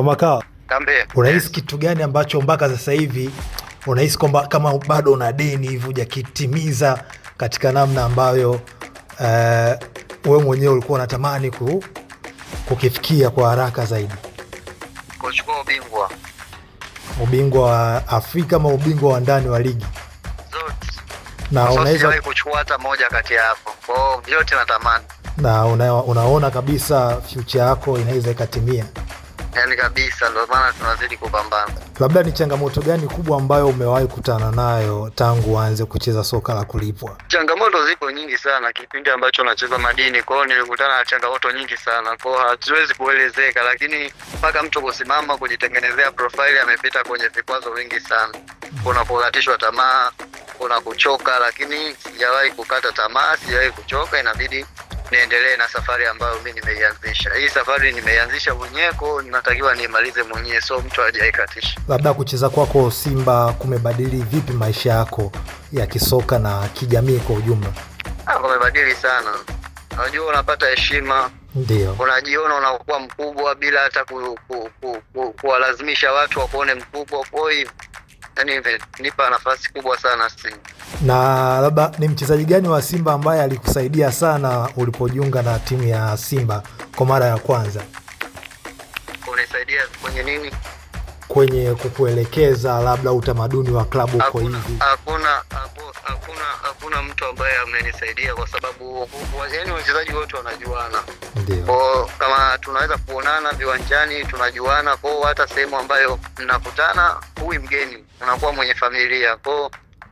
Kamakawa, unahisi kitu gani ambacho mpaka sasa hivi unahisi kwamba kama bado una deni hivi hujakitimiza katika namna ambayo uh, eh, we mwenyewe ulikuwa unatamani ku, kukifikia kwa haraka zaidi? Kuchukua ubingwa ubingwa wa Afrika ama ubingwa wa ndani wa ligi na unaweza kuchukua hata moja kati ya hapo, kwa hiyo vyote natamani na una, unaona kabisa future yako inaweza ikatimia yani kabisa, ndio maana tunazidi kupambana. Labda ni changamoto gani kubwa ambayo umewahi kutana nayo tangu uanze kucheza soka la kulipwa? Changamoto zipo nyingi sana kipindi ambacho nacheza madini, kwao nilikutana na changamoto nyingi sana kwao, haziwezi kuelezeka, lakini mpaka mtu kusimama kujitengenezea profaili amepita kwenye vikwazo vingi sana. Kuna kukatishwa tamaa, kuna kuchoka, lakini sijawahi kukata tamaa, sijawahi kuchoka, inabidi niendelee na safari ambayo mi nimeianzisha. Hii safari nimeianzisha mwenyewe, kwao natakiwa niimalize mwenyewe, so mtu hajaikatisha. Labda kucheza kwako kwa Simba kumebadili vipi maisha yako ya kisoka na kijamii kwa ujumla? Ah, kumebadili sana, unajua unapata heshima ndio unajiona unakuwa mkubwa bila hata kuwalazimisha ku, ku, ku, watu wakuone mkubwa. Kwa hiyo yani imenipa nafasi kubwa sana Simba. Na labda ni mchezaji gani wa Simba ambaye alikusaidia sana ulipojiunga na timu ya Simba kwa mara ya kwanza? Unisaidia kwenye nini? Kwenye kukuelekeza labda utamaduni wa klabu uko hivi. Hakuna hakuna hakuna mtu ambaye amenisaidia kwa sababu yaani wachezaji wote wanajuana. Ndio. Kwa kama tunaweza kuonana viwanjani tunajuana, kwa hata sehemu ambayo mnakutana, huyu mgeni unakuwa mwenye familia. Kwa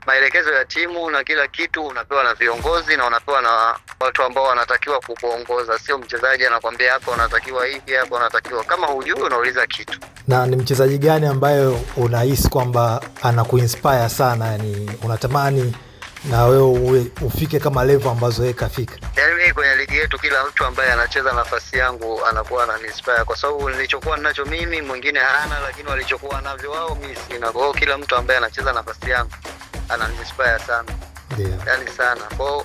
maelekezo ya timu na kila kitu unapewa na viongozi na unapewa na watu ambao wanatakiwa kukuongoza, sio mchezaji anakwambia hapa unatakiwa hivi, hapa unatakiwa. Kama hujui unauliza kitu. Na ni mchezaji gani ambayo unahisi kwamba anakuinspire sana, yani unatamani na wewe ufike kama level ambazo yeye kafika? Yaani mimi kwenye ligi yetu kila mtu ambaye anacheza nafasi yangu anakuwa ananispire, kwa sababu nilichokuwa ninacho mimi mwingine hana, lakini walichokuwa navyo wao mimi sina. Kwa hiyo kila mtu ambaye anacheza nafasi yangu ananinspire sana yeah. Yani sana kwao,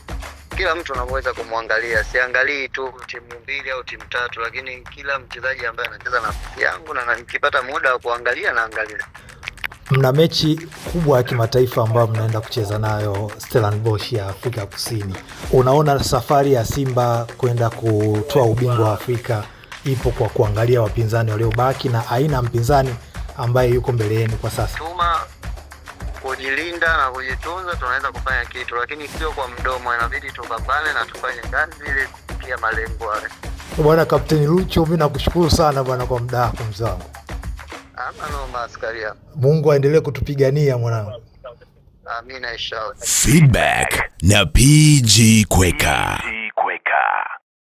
kila mtu anavyoweza kumwangalia, siangalii tu timu mbili au timu tatu, lakini kila mchezaji ambaye anacheza nafasi yangu na nikipata muda wa kuangalia naangalia. Mna mechi kubwa ya kimataifa ambayo mnaenda kucheza nayo Stellenbosch ya Afrika Kusini. Unaona safari ya Simba kwenda kutoa ubingwa wa Afrika ipo kwa kuangalia wapinzani waliobaki na aina ya mpinzani ambaye yuko mbele yenu kwa sasa? Tuma kujilinda na kujitunza tunaweza kufanya kitu, lakini sio kwa mdomo. Inabidi tupambane na tufanye kazi ili kufikia malengo hayo. Bwana Kapteni Lucho, mi nakushukuru sana bwana kwa muda wako mzangu. Mungu aendelee kutupigania mwanangu. Feedback na PG Kweka.